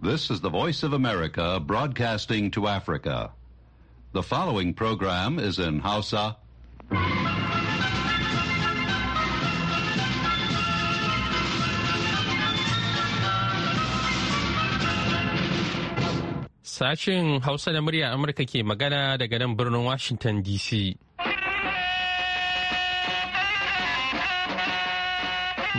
This is the Voice of America broadcasting to Africa. The following program is in Hausa. Sashin Hausa da murya Amurka ke magana daga nan birnin Washington DC.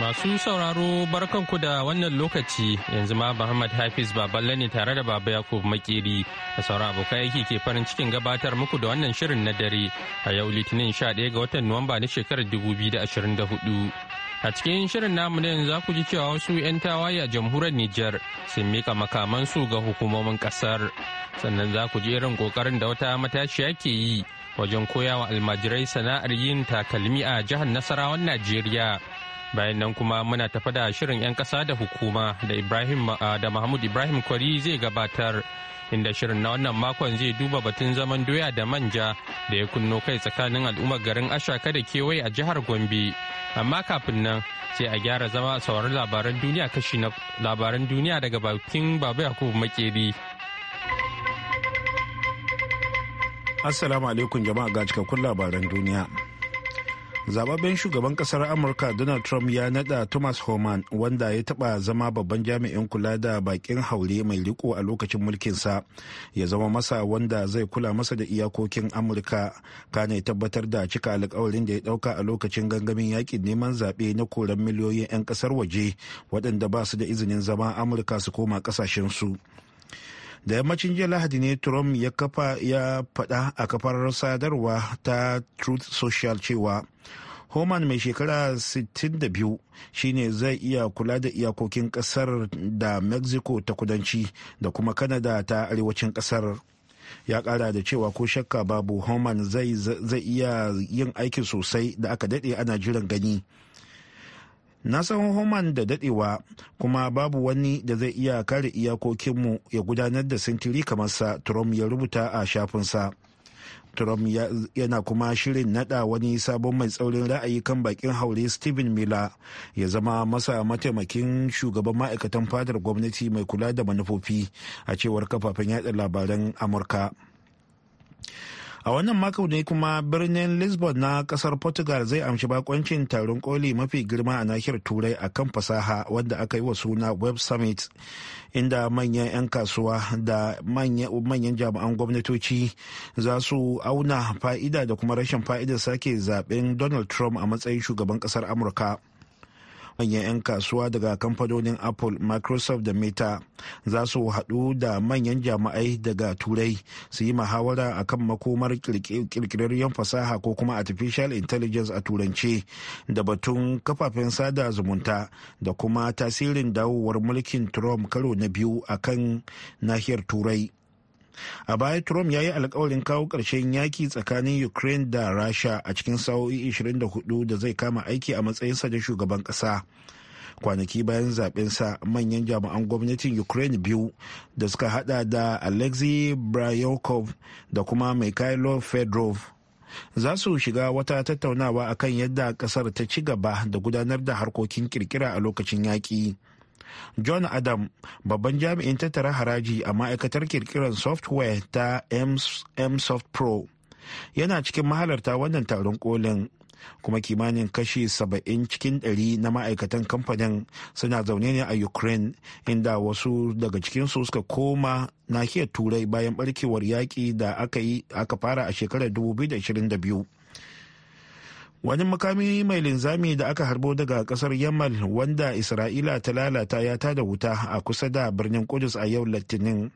Masu sauraro barkanku da wannan lokaci yanzu ma Muhammad Hafiz Baballe ne tare da Baba Yakub Makeri da sauran abokai yake ke farin cikin gabatar muku da wannan shirin na dare a yau Litinin 11 ga watan Nuwamba na shekarar 2024. A cikin shirin namu na yanzu ku ji cewa wasu 'yan tawaye a jamhuriyar Nijar sun mika makamansu ga hukumomin kasar. Sannan za ku ji irin kokarin da wata matashiya ke yi wajen koya wa almajirai sana'ar yin takalmi a jihar Nasarawan Najeriya. bayan nan kuma muna tafa da shirin 'yan ƙasa da hukuma da ibrahim ah, da mahmud ibrahim kwari zai gabatar inda shirin na wannan makon zai duba batun zaman doya da manja da ya kunno kai tsakanin al'ummar garin ashaka da kewaye a jihar gombe amma kafin nan sai a gyara zama a sauran labaran duniya kashi na labaran duniya daga bakin baba yakubu makeri assalamu alaikum jama'a ga cikakkun labaran duniya zababben shugaban kasar amurka donald trump ya nada thomas homan wanda ya taba zama babban jami'in kula da bakin haure mai riko a lokacin mulkinsa ya zama masa wanda zai kula masa da iyakokin amurka kane tabbatar da cika alkawarin da ya dauka a lokacin gangamin yakin neman zaɓe na koran miliyoyin 'yan kasar waje waɗanda ba su da izinin zama amurka su koma ƙasashensu su da yammacin jiya lahadi ne trump ya kafa ya faɗa a kafar sadarwa ta truth social cewa homan mai shekara 62 shine zai iya kula da iyakokin kasar da mexico ta kudanci da kuma canada ta arewacin kasar ya kara da cewa ko shakka babu homan zai iya yin aiki sosai da aka dade ana jiran gani na san homan da dadewa kuma babu wani da zai iya kare iyakokinmu ya gudanar da sintiri kamar sa trump ya rubuta a shafinsa trump yana kuma shirin nada wani sabon mai tsaurin ra'ayi kan bakin haure stephen miller ya zama masa mataimakin shugaban ma'aikatan fadar gwamnati mai kula da manufofi a cewar kafafen yada labaran amurka a wannan mako ne kuma birnin lisbon na kasar portugal zai amshi bakoncin taron koli mafi girma a nahiyar turai a kan fasaha wanda aka yi wa suna web summit inda manyan 'yan kasuwa da manyan jami'an gwamnatoci za su auna fa'ida da kuma rashin fa'idar sake zaben donald trump a matsayin shugaban kasar amurka manyan 'yan kasuwa daga kamfanonin apple microsoft da meta za su haɗu da manyan jama'ai daga turai su yi mahawara a kan makomar kirkirarriyar fasaha ko kuma artificial intelligence a turance da batun kafafen sada zumunta da kuma tasirin dawowar mulkin trump karo na biyu a kan nahiyar turai a baya trump ya yi alkawarin kawo ƙarshen yaki tsakanin ukraine da rasha a cikin sa'o'i 24 da zai kama aiki a matsayinsa da shugaban ƙasa kwanaki bayan sa manyan jami'an gwamnatin ukraine biyu da suka hada da alexey bryokov da kuma mikhailo fedorov za su shiga wata tattaunawa akan yadda kasar ta ci gaba da gudanar da harkokin kirkira a lokacin yaƙi. john adam babban jami'in tattara haraji a ma'aikatar kirkirar software ta msoft pro yana cikin mahalarta wannan taron kolin kuma kimanin kashi 70 cikin 100 na ma'aikatan kamfanin suna zaune ne a ukraine inda wasu daga cikinsu suka koma nahiyar turai bayan barkewar yaƙi da aka fara a shekarar 2022 wani makami mai linzami da aka harbo daga kasar yamal wanda isra'ila ta lalata ya tada wuta a kusa da birnin kudus a yau latinin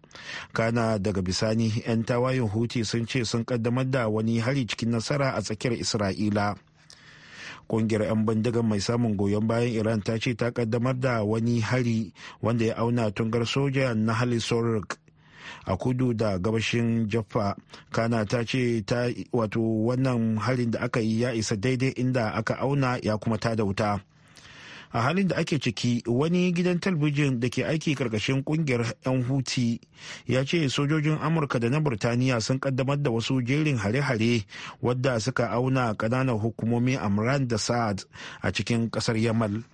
kana daga bisani 'yan tawayen huti sun ce sun kaddamar da wani hari cikin nasara a tsakiyar isra'ila kungiyar 'yan bindigar mai samun goyon bayan iran ta ce ta kaddamar da wani hari wanda ya auna tungar soja na halisorg a kudu da gabashin jaffa kana ta ce ta wato wannan harin da aka yi ya isa daidai inda aka auna ya kuma ta da wuta a halin da ake ciki wani gidan talbijin da ke aiki karkashin kungiyar 'yan huti ya ce sojojin amurka da na burtaniya sun kaddamar da wasu jerin hare-hare wadda suka auna kananan hukumomi amran da sa'ad a cikin kasar yamal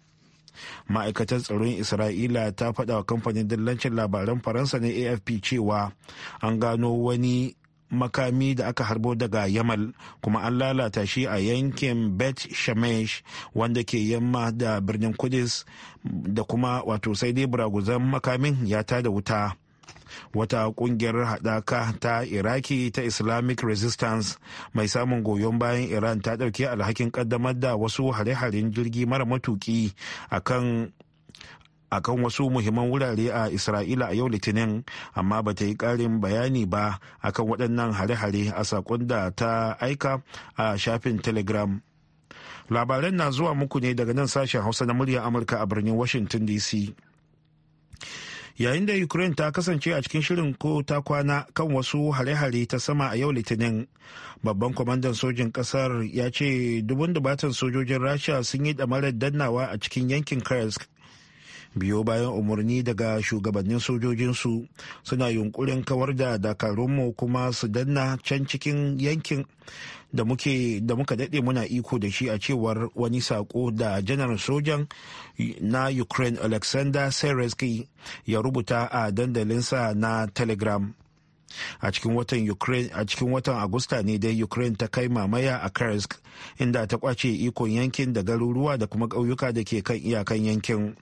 ma'aikatar tsaron isra'ila ta faɗa wa kamfanin dillancin labaran faransa na afp cewa an gano wani makami da aka harbo daga yamal kuma an lalata shi a yankin bet shemesh wanda ke yamma da birnin kudis da kuma wato sai dai buraguzan makamin ya tada wuta wata kungiyar haɗaka ta iraki ta islamic resistance mai samun goyon bayan iran ta ɗauki alhakin ƙaddamar da wasu hare-haren jirgi mara matuki akan akan wasu muhimman wurare a isra'ila a yau litinin amma ba ta yi karin bayani ba akan waɗannan hare-hare a saƙon da ta aika a shafin telegram labaran na zuwa muku ne daga nan sashen hausa na murya amurka a birnin washington dc yayin da ukraine ta kasance a cikin shirin ko ta kwana kan wasu hare-hare ta sama a yau litinin babban kwamandan sojin kasar ya ce dubun dubatan sojojin rasha sun yi damarar dannawa a cikin yankin kursk biyo bayan umarni daga shugabannin sojojinsu suna yunkurin kawar da dakarunmu kuma su danna can cikin yankin da muke da muka daɗe muna iko da shi a cewar wani sako da janar sojan na ukraine alexander seresky ya rubuta a dandalinsa na telegram a cikin watan ukraine a cikin watan agusta ne dai ukraine ta kai mamaya a kursk inda ta kwace ikon yankin da garuruwa da kuma ƙauyuka da ke kan iyakan yankin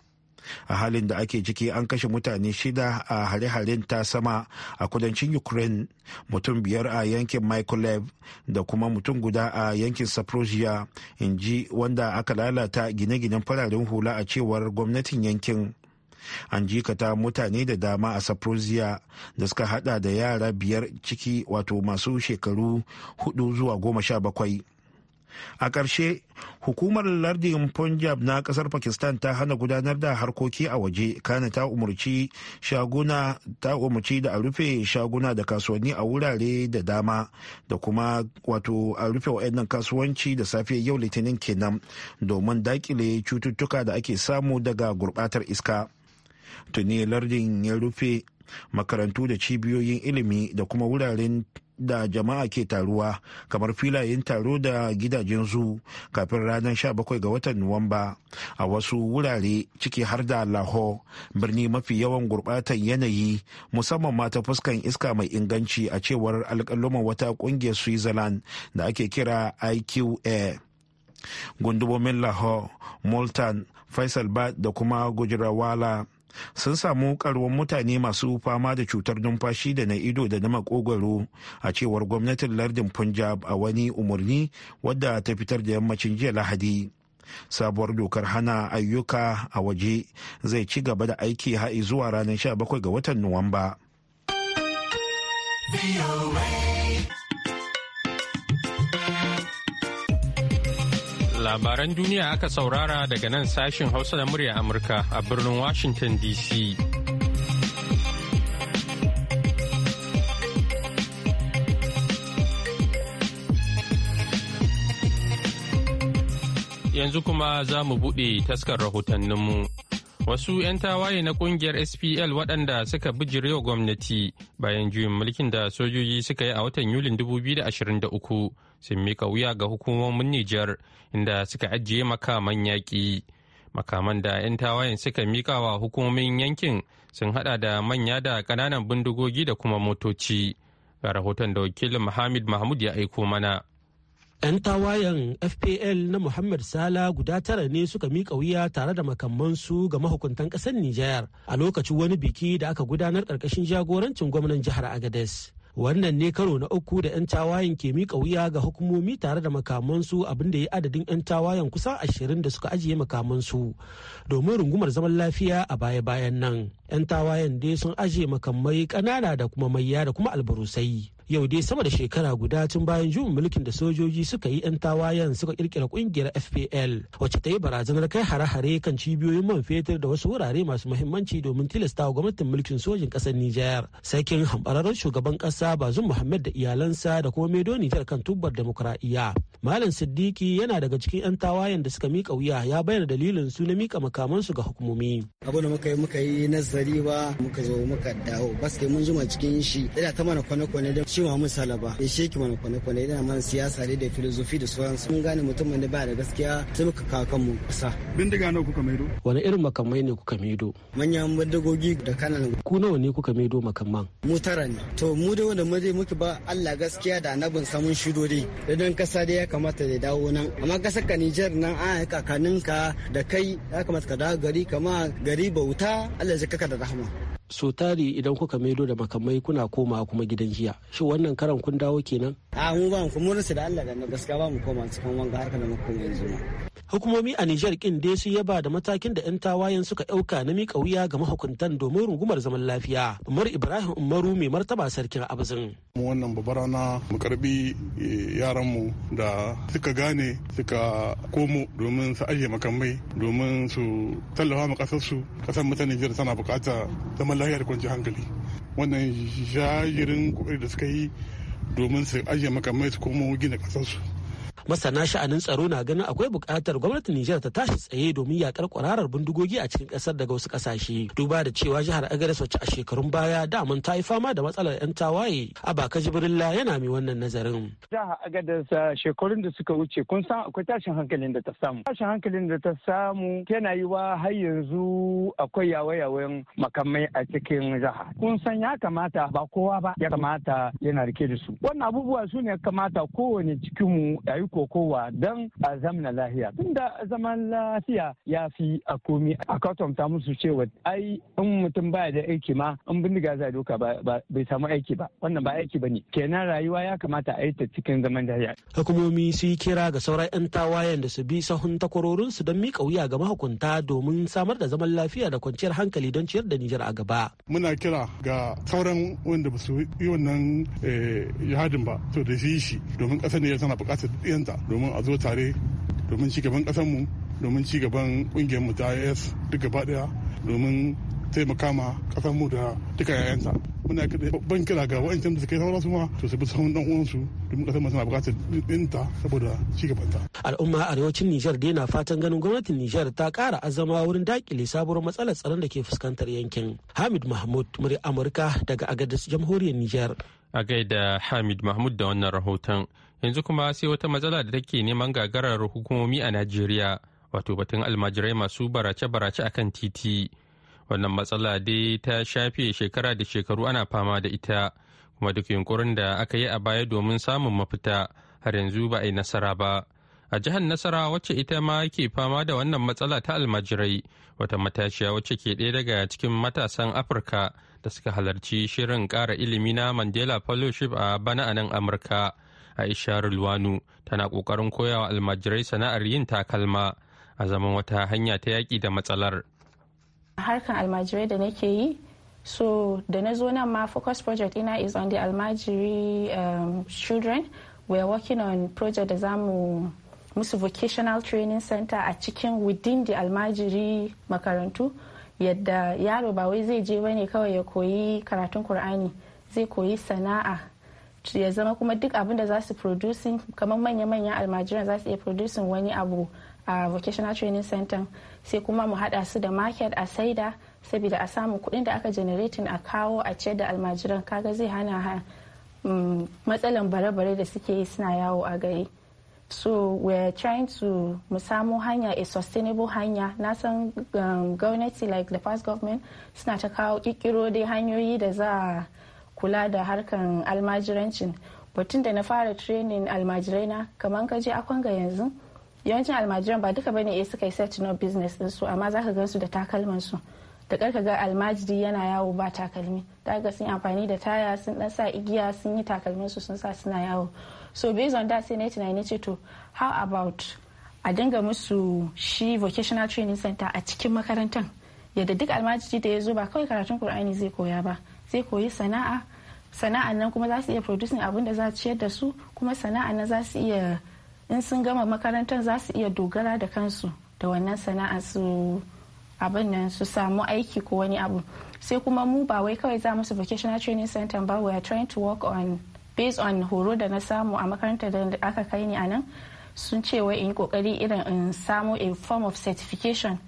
a halin da ake ciki an kashe mutane shida a hare-haren ta sama a kudancin ukraine mutum biyar a yankin mikolev da kuma mutum guda a yankin saprosia in ji wanda aka lalata gine-ginen fararen hula a cewar gwamnatin yankin an jikata mutane da dama a saprosia da suka hada da yara biyar ciki wato masu shekaru hudu zuwa goma sha bakwai a ƙarshe hukumar lardin punjab na ƙasar pakistan ta hana gudanar da harkoki a waje kana ta umarci shaguna ta umarci da a rufe shaguna da kasuwanni a wurare da dama da kuma wato a rufe wa'annan kasuwanci da safiyar yau litinin kenan domin daƙile cututtuka da ake samu daga gurbatar iska tuni lardin ya rufe makarantu da cibiyoyin ilimi da kuma wuraren da jama'a ke taruwa kamar filayen taro da gidajen zu kafin ranar 17 ga watan nuwamba a wasu wurare ciki har da laho birni mafi yawan gurbatan yanayi musamman ma ta fuskan iska mai inganci a cewar alƙalluman wata ƙungiyar switzerland da ake kira iqa gundumomin lahore multan faisalbad da kuma gujirawala sun samu karuwan mutane masu fama da cutar numfashi da na ido da na makogwaro a cewar gwamnatin lardin punjab a wani umarni wadda ta fitar da yammacin jiya lahadi sabuwar dokar hana ayyuka a waje zai ci gaba da aiki ha'i zuwa ranar 17 ga watan nuwamba. Labaran duniya aka saurara daga nan sashin Hausa da murya Amurka a birnin Washington DC. Yanzu kuma za mu buɗe taskar rahotanninmu. Wasu 'yan tawaye na kungiyar SPL waɗanda suka bijirewa gwamnati bayan juyin mulkin da sojoji suka yi a watan Yulin 2023 sun mika wuya ga hukumomin Nijar inda suka ajiye makaman yaƙi. Makaman da 'yan tawayen suka mika wa hukumomin yankin sun hada da manya da ƙananan bindigogi da kuma motoci. Ga rahoton da wakilin Muhammad Mahmud ya aiko mana. 'Yan tawayen FPL na Muhammad Sala guda tara ne suka mika wuya tare da makamansu ga mahukuntan ƙasar Nijar a lokacin wani biki da aka gudanar karkashin jagorancin gwamnan jihar Agadez. Wannan ne karo na uku da 'yan tawayen ke mika wuya ga hukumomi tare da makamansu abin da ya adadin 'yan tawayen kusan ashirin da suka ajiye makamansu domin rungumar zaman lafiya a baya-bayan nan. 'Yan tawayen dai sun ajiye makamai ƙanana da kuma mayya da kuma albarusai. yau dai sama da shekara guda tun bayan juyin mulkin da sojoji suka yi 'yan tawayen suka kirkira kungiyar fpl wacce ta yi barazanar kai hare-hare kan cibiyoyin man fetur da wasu wurare masu muhimmanci domin tilasta wa gwamnatin mulkin sojin kasar nijar sarkin hambararren shugaban kasa bazum muhammad da iyalansa da kuma medo nijar kan tubbar demokuraɗiyya malam siddiki yana daga cikin 'yan tawayen da suka mika wuya ya bayyana dalilin su na mika makamansu ga hukumomi abu da muka yi muka yi nazari ba muka zo muka dawo baske mun zuma cikin shi ina ta mana kwane-kwane da cewa mun misalaba ya sheki mana kwane-kwane yana mana siyasa ne da filozofi da sauransu mun gane mutum da ba da gaskiya sai muka kawo kanmu kusa. bindiga nawa kuka maido wani irin makamai ne kuka maido manyan bindigogi da kanan ku nawa ne kuka maido makamman mu tara ne to mu da wanda muje muke ba Allah gaskiya da annabin sa mun shido dai da dan kasa dai ya kamata da dawo nan amma kasar ka Niger nan a kakaninka da kai ya kamata ka dawo gari kama gari bauta Allah ya ka da rahama so tari idan kuka maido da makamai kuna koma kuma gidan jiya shi wannan karan kun dawo kenan a mu ba mu kuma da Allah da gaskiya ba mu koma cikin wanga harkar da muka yanzu hukumomi a niger kin dai sun yaba da matakin da 'yan tawayen suka ɗauka na mika wuya ga mahukuntan domin rungumar zaman lafiya. Umar Ibrahim Umaru mai martaba sarkin mu Wannan rana mu karbi eh, mu da suka gane suka komo domin su ajiye makamai domin su tallafa ma kasar su kasar mutanen ta tana bukata zaman zaman lafiya da kwanciyar hankali wannan jajirin kokari da suka yi domin su ajiye makamai su komo gina kasarsu masana sha'anin tsaro na ganin akwai buƙatar gwamnatin Nijar ta tashi tsaye domin yakar kwararar bindigogi a cikin ƙasar daga wasu ƙasashe duba da cewa jihar Agadez wacce a shekarun baya daman ta yi fama da matsalar 'yan tawaye a baka jibrilla yana mai wannan nazarin jihar Agadez ah, shekarun da suka wuce kun san akwai tashin hankalin da ta samu tashin hankalin da ta samu yana yi wa har yanzu akwai yawayawan makamai a cikin jiha kun san ya kamata ba kowa ba ya kamata yana rike da su wannan abubuwa su ne kamata kowane cikinmu yayi kowa don a zamna tun da zaman lafiya ya fi a komi a kwatanta musu cewa ai in mutum baya da aiki ma in bindiga za doka bai samu aiki ba wannan ba aiki ba ne kenan rayuwa ya kamata a yi ta cikin zaman lahiya. hukumomi su yi kira ga sauran 'yan tawayen da su bi sahun takwarorinsu don miƙa wuya ga mahukunta domin samar da zaman lafiya da kwanciyar hankali don ciyar da nijar a gaba. muna kira ga sauran wanda ba su yi wannan yadin eh, ba to da shi shi domin ƙasar ne tana buƙatar bayanta domin a zo tare domin cigaban ƙasarmu domin cigaban ƙungiyarmu ta is duk gaba daya domin taimaka ma ƙasarmu da duka yayanta muna ban kira ga wa'ancan da suka yi sauransu ma to su bi sahun dan uwansu domin kasar masu na bukatar ɗinta saboda ta. al'umma arewacin nijar dai na fatan ganin gwamnatin nijar ta ƙara azama wurin dakile sabuwar matsalar tsaron da ke fuskantar yankin hamid mahmud muri amurka daga agadis jamhuriyar nijar. a gaida hamid mahmud da wannan rahoton yanzu kuma sai wata matsala da take neman gagarar hukumomi a najeriya wato batun almajirai masu barace-barace a kan titi wannan matsala dai ta shafe shekara da shekaru ana fama da ita kuma duk yunkurin da aka yi a baya domin samun mafita har yanzu ba a yi nasara ba a jihar nasara wacce ita ma ke fama da wannan matsala ta almajirai wata matashiya wacce ke ɗaya daga cikin matasan afirka da suka halarci shirin ƙara ilimi na mandela fellowship a bana a nan amurka aisha rulwanu tana kokarin koyawa almajirai sana'ar yin takalma a zaman wata hanya ta yaƙi da matsalar harkan almajirai da nake yi so da na zo nan ma focus project ina is on the almajiri um, children we are working on project da zamu musu vocational training center a cikin within the almajiri makarantu yadda yaro ba wai zai je bane kawai ya koyi karatun kur'ani zai koyi sana'a ya zama kuma duk abin da za su producing kamar manya-manyan almajiran za su iya producing wani abu a vocational training center sai kuma mu hada su da market a saida saboda a samu kuɗin da aka generating a kawo a ce da almajiran kaga zai hana mm, matsalan bare-bare da suke yi suna yawo a gari so we are trying to mu samu hanya a sustainable hanya na san um, gwamnati like the past government suna ta kawo kikiro dai hanyoyi da za a kula da harkar almajirancin batun da na fara training almajirai na kamar kaje a kwanga yanzu yawancin almajiran ba duka bane eh suka yi set no business din su amma zaka gan su da takalman su da karka ga almajiri yana yawo ba takalmi da ga sun amfani da taya sun dan sa igiya sun yi takalmin su sun sa suna yawo so based on that sai na tunani ce to how about a dinga musu shi vocational training center a cikin makarantar yadda duk almajiri da ya zo ba kawai karatun kur'ani zai koya ba sai koyi sana'a sana'an nan kuma za su iya producing abin da za su ciyar da su kuma sana'an nan za su iya in sun gama makarantar za su iya dogara da kansu da wannan sana'a su abin nan su samu aiki ko wani abu sai kuma mu ba wai kawai za musu vocational training center ba we are trying to work on based on horo da na samu a makarantar da aka kai ni a nan sun ce wai in kokari irin in samu a form of certification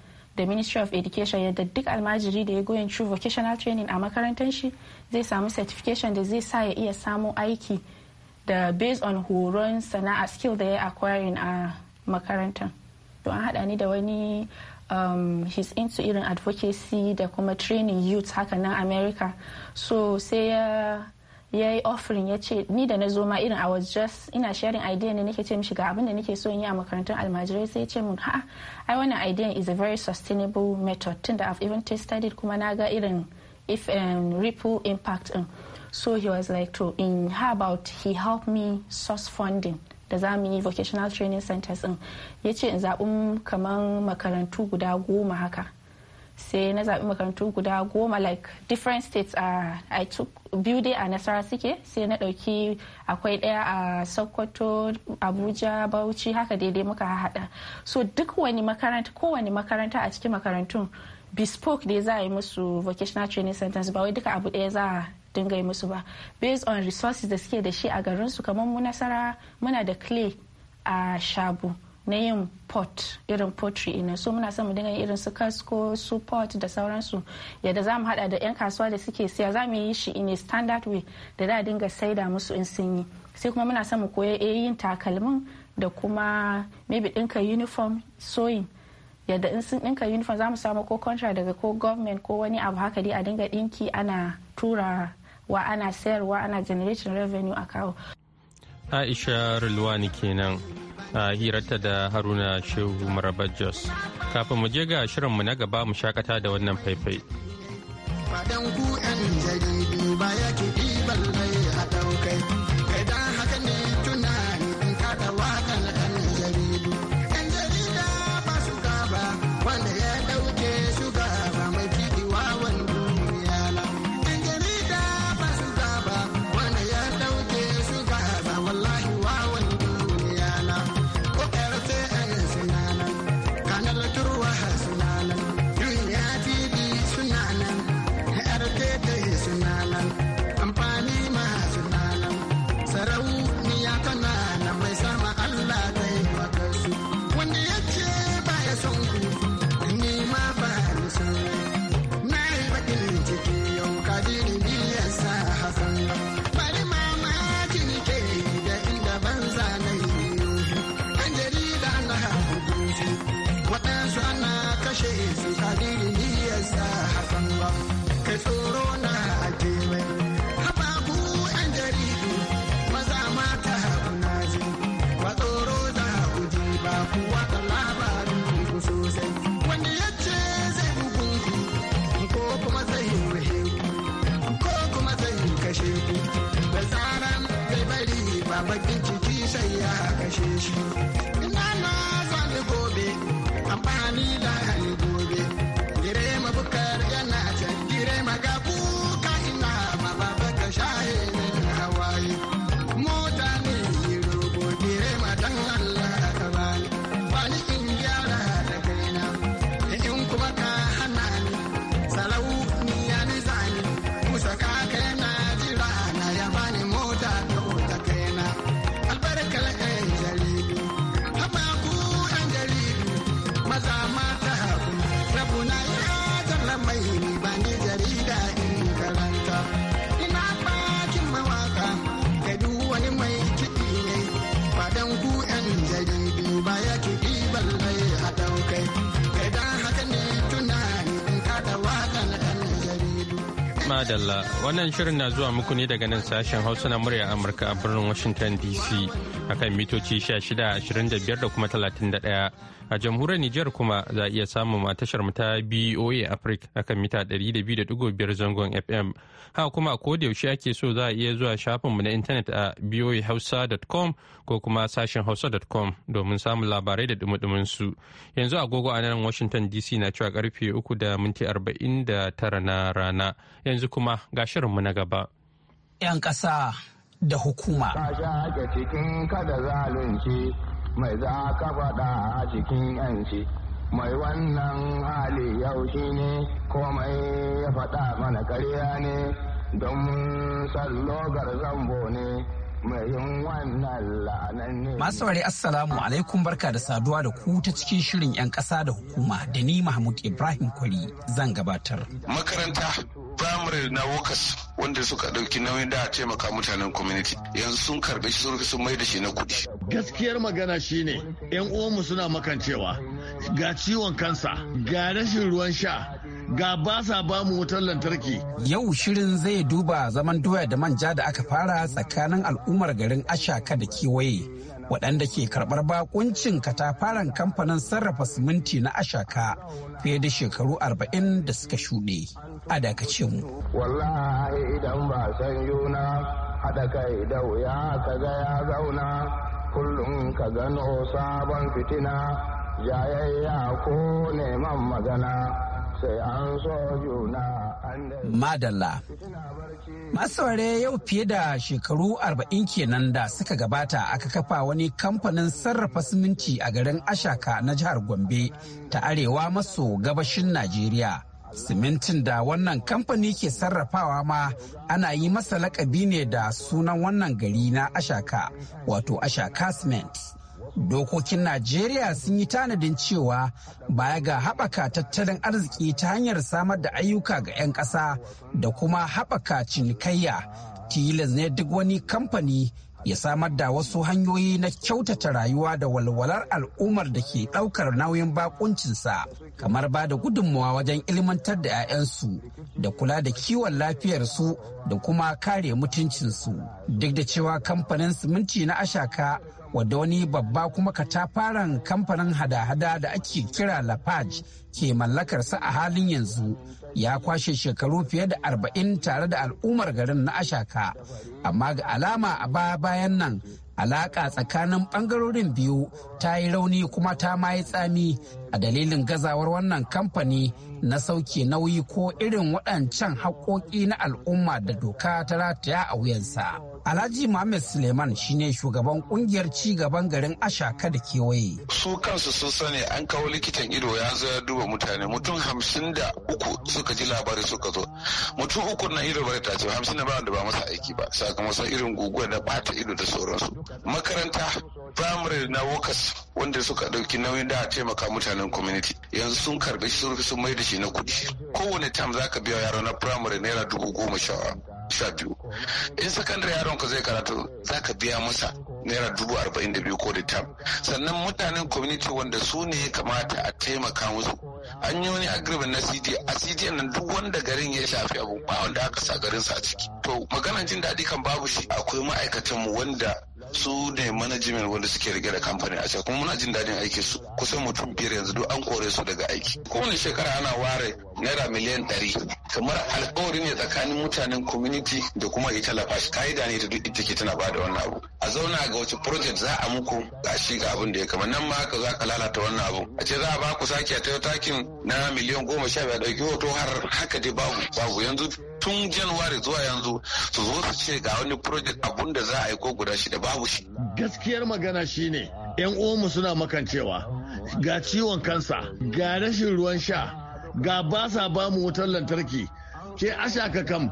da ministry of education yadda duk almajiri da ya goyon true vocational training a makarantar shi zai samu certification da zai sa ya iya samu aiki da based on horon sana'a skill da ya acquiring a makaranta to an haɗa ni da wani um, he's into irin advocacy da kuma training youth haka nan america so sai ya uh, ya yi offering ya ce ni da na zo ma irin i was just ina sharing idea ne nake ce mishi ga abin da nake so in yi a makarantun almajirai sai ya ce mun ha ai wannan idea is a very sustainable method tunda i've even tested it kuma na ga irin if um, ripple impact din so he was like to in how about he help me source funding da za mu yi vocational training centers din ya ce in zaɓi kaman makarantu guda goma haka sai na zaɓi makarantu guda goma like different states a i took biyu a nasara suke sai na ɗauki akwai ɗaya a sokoto abuja bauchi haka daidai muka haɗa so duk wani makaranta kowane makaranta a cikin makarantun bespoke dai za a yi musu vocational training centers ba wai duka abu ɗaya za a dinga yi musu ba based on resources da suke da shi a garinsu kamar mu nasara muna da clay a shabu na yin pot irin potri ina so muna son mu dinga irin su kasko su pot da sauransu yadda za mu hada da yan kasuwa da suke siya za mu yi shi in a standard way da za a dinga saida musu in sun yi sai kuma muna son mu koya eh, yin takalmin da kuma maybe dinka uniform sewing yadda in sun dinka uniform za mu samu ko contract daga ko government ko wani abu haka dai a dinga dinki ana tura wa ana sayarwa ana generating revenue a kawo aisha rulwani kenan a hirarta da haruna shehu maraba jos kafin mu je ga shirinmu na gaba mu shakata da wannan faifai. da zaran zai bari ba bakin ciki sai ya kashe shi Madalla wannan shirin na zuwa muku ne daga nan sashen Hausa na murya Amurka a birnin Washington DC akan mitoci 1625 da kuma 31 a jamhuriyar Nijar kuma za a iya samun tashar ta BOA Africa akan mita 200.5 zangon FM ha kuma ko da yaushe ake so za a iya zuwa shafinmu na intanet a boahausa.com ko kuma sashen hausa.com domin samun labarai da dumudumin su yanzu agogo a nan Washington DC na cewa karfe 3 da minti 49 na rana yanzu kuma ga shirinmu na gaba 'yan ƙasa da hukuma. cikin kada zalunci mai za ka faɗa a cikin yanci mai wannan hali yau shi ne komai ya faɗa mana karya ne don sallogar zambo ne Masu saurari Assalamu alaikum barka da saduwa da ku ta cikin shirin 'yan ƙasa da hukuma da ni Mahmud Ibrahim Kwari zan gabatar. Makaranta primary na workers wanda suka ɗauki nauyin da a taimaka mutanen community yanzu sun karɓi shi sun sun mai da shi na kuɗi. gaskiyar magana shine yan uwanmu suna makancewa ga ciwon kansa ga rashin ruwan sha ga ba sa ba mu wutar lantarki. Yau shirin zai duba zaman doya da manja da aka fara tsakanin al'ummar garin Ashaka da kewaye waɗanda ke karɓar bakuncin katafaren kamfanin sarrafa siminti na ashaka fiye da shekaru arba'in da suka shuɗe a dakace mu. wallahi idan ba san haɗa kai da wuya ka ga ya zauna kullum ka gano sabon fitina jayayya ko neman magana Madala masu yau fiye da shekaru arba'in kenan da suka gabata aka kafa wani kamfanin sarrafa siminti a garin Ashaka na jihar Gombe ta arewa maso gabashin Najeriya. Simintin da wannan kamfani ke sarrafawa ma ana yi masa lakabi ne da sunan wannan gari na Ashaka wato Ashaka Cement. dokokin najeriya sun yi tanadin cewa baya ga haɓaka tattalin arziki ta hanyar samar da ayyuka ga 'yan ƙasa da kuma haɓaka cinikayya tilas ne duk wani kamfani ya samar da wasu hanyoyi na kyautata rayuwa da walwalar al'ummar da ke ɗaukar nauyin bakuncinsa kamar ba da gudunmawa wajen ilmantar da 'ya'yansu da kula da kiwon lafiyarsu da kuma kare mutuncinsu duk da cewa kamfanin siminti na ashaka wadda wani babba kuma katafaren kamfanin hada-hada da ake kira lafaj ke mallakarsa a halin yanzu ya kwashe shekaru fiye da arba'in tare da al'ummar garin na ashaka amma ga alama a baya bayan nan alaƙa tsakanin ɓangarorin biyu ta yi rauni kuma ta mayi tsami a dalilin gazawar wannan kamfani na sauke nauyi ko irin waɗancan haƙoƙi na al'umma da doka ta rataya a wuyansa. Alhaji Muhammad Suleiman shine shugaban kungiyar ci gaban garin Ashaka da kewaye. Su kansu sun sani an kawo likitan ido ya zo ya duba mutane mutum hamsin da uku suka ji labari suka zo. Mutum uku na ido bari ta ce hamsin da ba da ba masa aiki ba sakamakon irin guguwa da bata ido da sauransu. Makaranta firamare na wokas wanda suka ɗauki nauyin da a taimaka mutanen community yanzu sun karbi sun mai da shi na kuɗi kowane tam zaka biya yaro na firamare naira dubu goma sha sha biyu in sakandare yaron ka zai karatu zaka biya masa naira dubu arba'in da biyu ko da tam sannan mutanen community wanda su ne ya kamata a taimaka musu an yi wani agreement na cd a cd nan duk wanda garin ya shafi abu ba wanda aka sa garinsu a ciki to maganan jin daɗi kan babu shi akwai ma'aikatan wanda su ne management wanda suke rike da kamfani a can kuma muna jin daɗin aiki su kusan mutum biyar yanzu duk an kore su daga aiki kowane shekara ana ware naira miliyan ɗari kamar alkawari ne tsakanin mutanen community da kuma ita lafash ka'ida ne ta duk ita ke tana bada wannan abu a zauna ga wace project za a muku ga shi ga abin da ya kama nan ma haka za ka lalata wannan abu a ce za a ba ku sake a takin na miliyan goma sha biyar ɗauki hoto har haka dai babu babu yanzu tun januwari zuwa yanzu su zo su ce ga wani project abun da za a yi ko guda shi da babu shi gaskiyar magana shine yan uwanmu suna makancewa ga ciwon kansa ga rashin ruwan sha ga ba sa ba mu wutar lantarki ke asha ka kam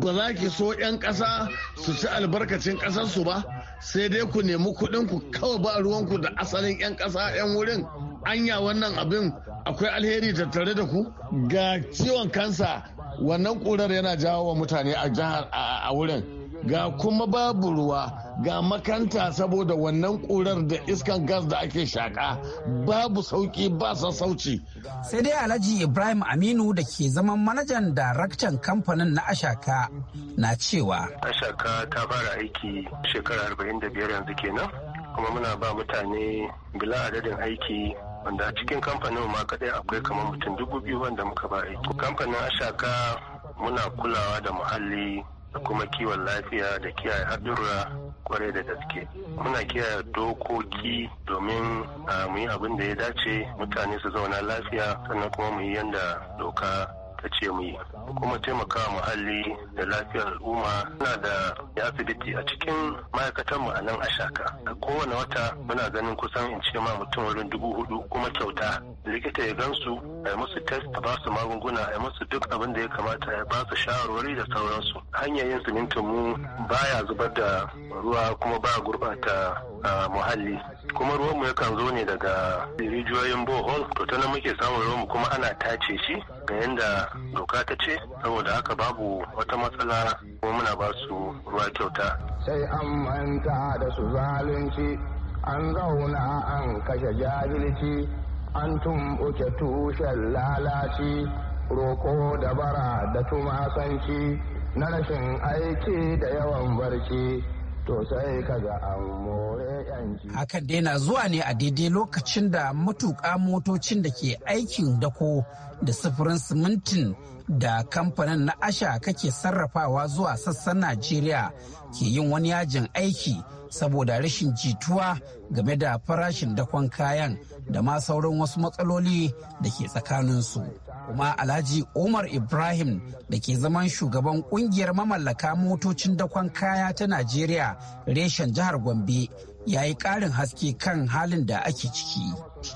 ba za ki so 'yan kasa su ci albarkacin ƙasarsu ba sai dai ku nemi kuɗin ku kawai ba ruwanku da asalin 'yan ƙasa 'yan wurin anya wannan abin akwai alheri tattare da ku ga ciwon kansa wannan kurar yana jawo wa mutane a jihar a wurin ga kuma babu ruwa ga makanta saboda wannan kurar da iskan gas da ake shaka babu sauki ba sassauci. sai dai alhaji ibrahim aminu da ke zaman manajan daraktan kamfanin na ashaka na cewa ashaka ta fara aiki shekara 45 yanzu kenan kuma muna ba mutane bila adadin aiki wanda a cikin kamfanin ma kadai akwai kamar mutum dubu biyu wanda muka ba aiki kamfanin ashaka muna kulawa da muhalli da kuma kiwon lafiya da kiyaye haɗurra kwarai da gaske muna kiyaye dokoki domin ah, mu yi abin da ya dace mutane su zauna lafiya sannan kuma mu yi yanda doka ta ce mu yi kuma taimaka muhalli da lafiyar al'umma na da asibiti a cikin ma'aikatanmu a nan a shaka a kowane wata muna ganin kusan in ce ma mutum wurin dubu hudu kuma kyauta likita ya gansu a yi musu test a ba magunguna a yi musu duk abin da ya kamata ya ba su shawarwari da sauransu hanyar yin simintin mu baya zubar da ruwa kuma ba gurbata a muhalli kuma ruwanmu yakan zo ne daga rijiyoyin borehole to ta nan muke samun ruwanmu kuma ana tace shi ga yadda doka ta ce saboda haka babu wata matsala ko muna ba su ruwa kyauta sai an manta da su zalunci an zauna an kashe jahilci an tumɓuke tushen lalaci roƙo da bara da tumasanci na rashin aiki da yawan barci to Hakan dai na zuwa ne a daidai lokacin da matuƙa motocin da ke aikin dako da sufurin simintin da kamfanin na asha kake sarrafawa zuwa sassan Najeriya ke yin wani yajin aiki saboda rashin jituwa game da farashin dakon kayan da ma sauran wasu matsaloli da ke tsakaninsu. kuma alhaji umar ibrahim da ke zaman shugaban kungiyar mamallaka motocin dakon kaya ta najeriya reshen jihar gombe ya yi karin haske kan halin da ake ciki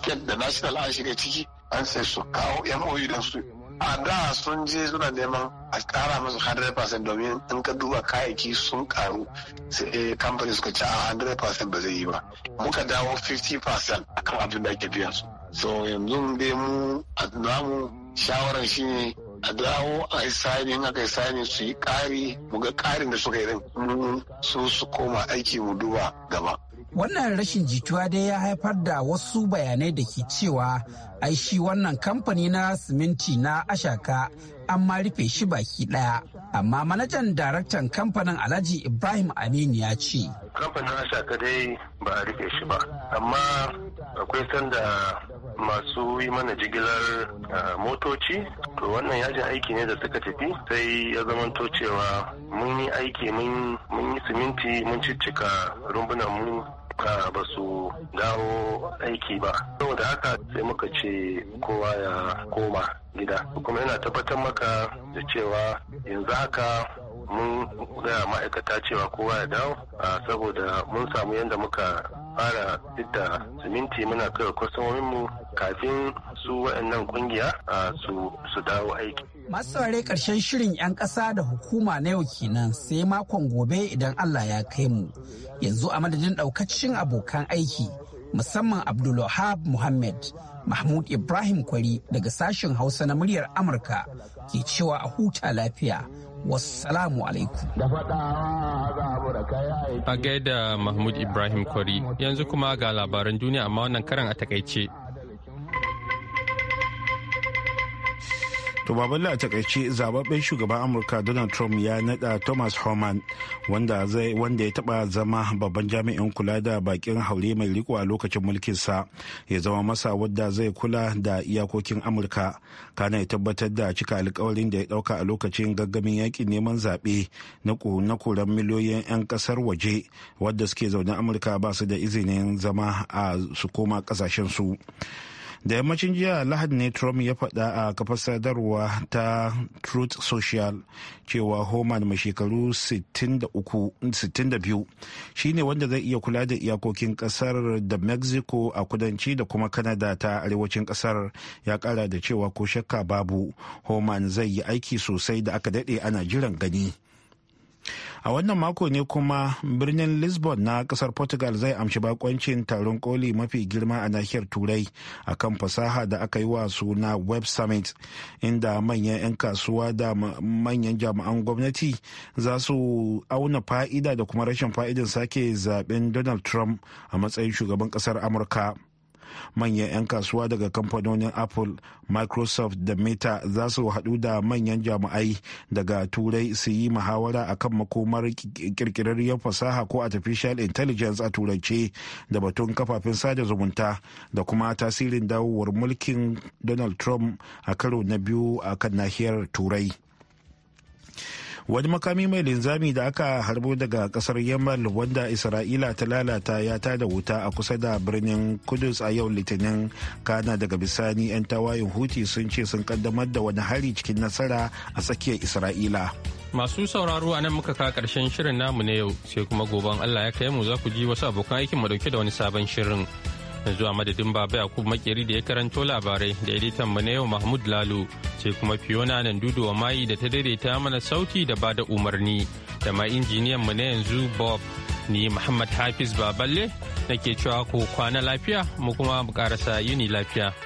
yadda national an shiga ciki an sai su kawo yan e don su a da sun je suna neman a kara masu 100% domin in ka duba kayayyaki sun karu sai kamfani suka ci a 100% ba zai yi ba muka dawo 50% akan abin da ake biyan su so yanzu dai mu a namu shawarar shi ne a dawo a yi in aka yi su yi ƙari mu ga ƙarin da suka yi din mm-hmm. su su koma aiki mu duba gaba wannan rashin jituwa dai ya haifar da wasu bayanai da ke cewa ai shi wannan kamfani na siminti na ashaka an ma rufe shi baki daya amma manajan daraktan kamfanin alhaji ibrahim aminu ya ce kamfanin ashaka dai ba a rufe shi ba amma akwai sanda masu yi mana jigilar eh, motoci to wannan yajin aiki ne da suka tafi sai ya zamanto cewa mun yi aiki mun yi siminti mun ciccika rumbunan mu eh, ba su dawo aiki ba saboda haka sai muka ce kowa ya koma gida kuma yana tabbatar maka da cewa yanzu haka mun gaya ma'aikata cewa kowa ya dawo eh, saboda mun samu yadda muka fara da siminti muna kai mu kafin su waɗannan kungiya su dawo aiki. Masu saurare ƙarshen shirin 'yan ƙasa da hukuma na yau kenan sai makon gobe idan Allah ya kai mu. Yanzu a madadin ɗaukacin abokan aiki musamman Abdulwahab Muhammad Mahmud Ibrahim Kwari daga sashen Hausa na muryar Amurka ke cewa a huta lafiya. wassalamu alaikum a gaida mahmud ibrahim kwari yanzu kuma ga labaran duniya amma wannan karan a takaice To baballa a takaice zababben shugaban Amurka Donald Trump ya nada Thomas Homan wanda ya taba zama babban jami'in kula da bakin haure mai riko a lokacin mulkinsa ya zama masa wadda zai kula da iyakokin Amurka kana ya tabbatar da cika alkawarin da ya dauka a lokacin gaggamin yakin neman zaɓe na kuran miliyoyin 'yan kasar waje wadda suke zaune Amurka ba su da izinin zama a su koma kasashen su. da yammacin jiya lahad ne trump ya faɗa a kafar sadarwa ta truth social cewa homan mai shekaru 62 shine wanda zai iya kula da iyakokin kasar da mexico a kudanci da kuma canada ta arewacin kasar ya kara da cewa ko shakka babu homan zai yi aiki sosai da aka daɗe ana jiran gani a wannan mako ne kuma birnin lisbon na kasar portugal zai amshi bakoncin taron koli mafi girma a nahiyar turai a kan fasaha da aka yi wa suna web summit inda manyan 'yan kasuwa da manyan jami'an gwamnati za su auna fa'ida da kuma rashin fa'idin sake zaben donald trump a matsayin shugaban kasar amurka manyan 'yan kasuwa daga kamfanonin apple microsoft da meta za su haɗu da manyan jami'ai daga turai su yi muhawara akan makomar kirkirarriyar fasaha ko artificial intelligence a turance da batun kafafen sada zumunta da kuma tasirin dawowar mulkin donald trump a karo na biyu a kan nahiyar turai wani makami mai linzami da aka harbo daga kasar yamal wanda isra'ila ta lalata ya da wuta a kusa da birnin kudus a yau litinin kana daga bisani 'yan tawayin huti sun ce sun kaddamar da wani hari cikin nasara a tsakiyar isra'ila masu sauraro a nan muka ka karshen shirin namu na yau sai kuma goben allah ya kai mu za ku ji wasu abokan aikin mu dauke da wani sabon shirin yanzu a madadin baba yakub makeri da ya karanto labarai da editan mu na yau mahmud lalu sai kuma fiona nan dudu wa mayi da ta daidaita mana sauti da bada umarni da ma injiniyan mu na yanzu bob ni muhammad hafiz baballe nake cewa ku kwana lafiya mu kuma mu karasa yini lafiya